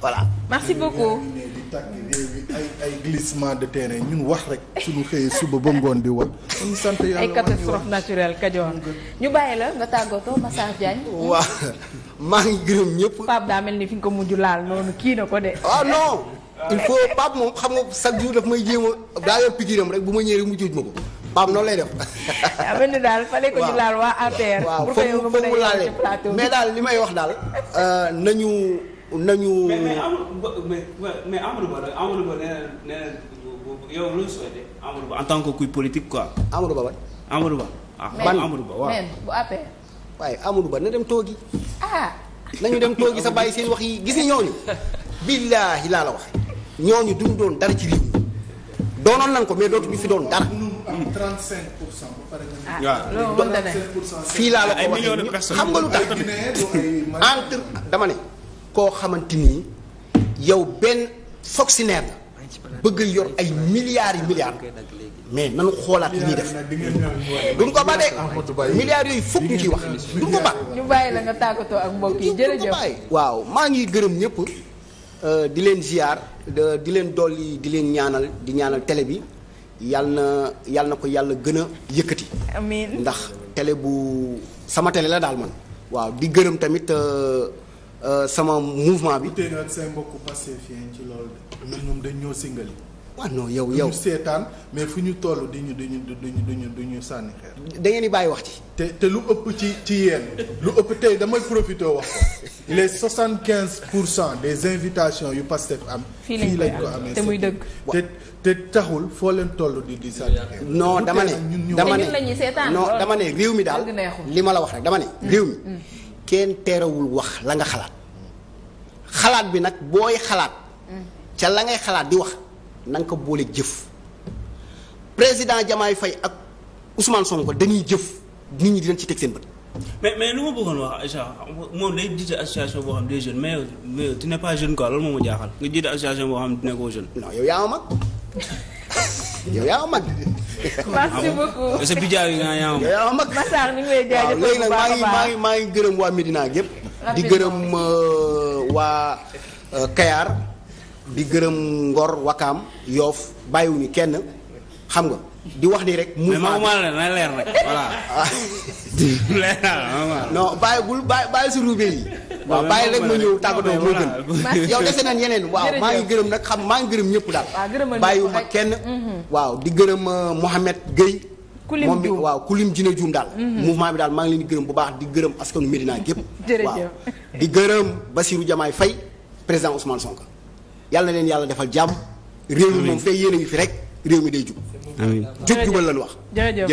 voilà merci beaucoup di tàgg réew mi ay ay glissement de terrain ñun wax rek suñu xëyee suba ba ngoon di wax ñu sant yàlla ay catastrophe naturelle Kajoor ñu bàyyi la nga tàggatoo Massar Diagne waaw maa ngi gërëm ñëpp Pape daa mel ni fi nga ko mujj laal noonu kii na ko de ah, moom xam nga chaque jour daf may jéem a daa yor rek bu ma ñëwee mu juuj ma ko Pape noonu lay def amee ni daal fale ko ñu laal waa APR foofu mu laalee mais daal li may wax daal euh, nañu nañu. mais mais Amadou mais mais Amadou Ba la Amadou Ba tant que kuy politique quoi. Amadou Ba ban. Amadou Ba ah. ban Amadou Ba waaw même bu waaye Amadou Ba na dem toogi. ah. nañu dem toogi sa bàyyi seen wax yi gis nga ñooñu. billaahi laa la waxee. ñooñu duñ doon dara ci réew doonoon nañ ko mais dootuñu fi doon dara. 35 pour cent ba pare nga. Ah, waaw fii laa la ko waxee xam nga lu tax entre dama ne. koo xamante ni yow benn fonctionnaire la bëgg yor ay milliards yi milliards mais nanu xoolaat li ñuy def duñ ko ba de milliards yooyu fokk ñu ciy wax duñ ko ba. ñu bàyyi la nga ak mbokk yi jërëjëf waaw maa ngi gërëm ñëpp euh, di leen ziar di leen dolli di leen ñaanal di ñaanal télé bi yàlla na yàlla na ko yàlla gën a yëkkati. amiin ndax télé bu sama télé la daal man. waaw di gërëm tamit. Euh, Euh, sama mouvement bi. tey nga say mbokku Pastefien ci loolu de. ñoom dañ ñoo singali. waaw non yow yow seetaan mais fu ñu toll di ñu di ñu di ñu ñu sànni xeer. da ngeen di bàyyi wax ci. te te lu ëpp ci ci yéen lu ëpp tey damay profité wax ko les soixante quinze pour cent des invitations yu Pastef am. fii lañ ko te muy dëgg. te te taxul foo leen toll di di sànni xeer. non dama ne dama ne non dama ne réew mi daal li ma la wax rek dama ne réew mi. Mm, mm. kenn terewul wax la nga xalaat xalaat bi nag booy xalaat ca la ngay xalaat di wax na ko boole jëf président Diomaye fay ak Ousmane Sonko dañuy jëf nit ñi dinañ ci teg seen bët. mais mais lu ma bëggoon wax Aïcha moom day jiite association boo xam des jeunes mais mais tu n'es pas jeune quoi loolu moo ma jaaxal nga jiite association boo xam ne dina koo jeune. non yow yaa ma mag yow yaa ma mag. merci beaucoup sa bijaay nga yaa am yaa mag Massar ñu ngi lay jaajëfal léegi nag maa ngi maa ngi maa ngi gërëm waa Médina gépp di gërëm euh, waa euh, Kayar di gërëm Ngor Wakaam Yoof bàyyiwuñu kenn xam nga di wax ni rek. mouvement bi mais na leer rek voilà. leer na non bàyyi bul bàyyi bàyyi si ruubee yi. waaw bàyyi rek ma ñëw tàggatoo moo gën. yow dese nañ yeneen waaw maa ngi gërëm nag xam maa ngi gërëm ñëpp daal. waaw bàyyiwuma kenn. Mhm. waaw di gërëm euh, Mouhamed Gueye. kulim moom bi waaw kulim jine juum daal. Mhm. mouvement bi daal maa ngi leen di gërëm bu baax di gërëm askanu Medina gépp. waaw di gërëm Bassirou Diomaye Faye président Ousmane Sonko. yàlla na leen yàlla defal jàmm. réew mi moom fee yéen a fi rek réew mi day jub. amiin jub jubal lañ wax.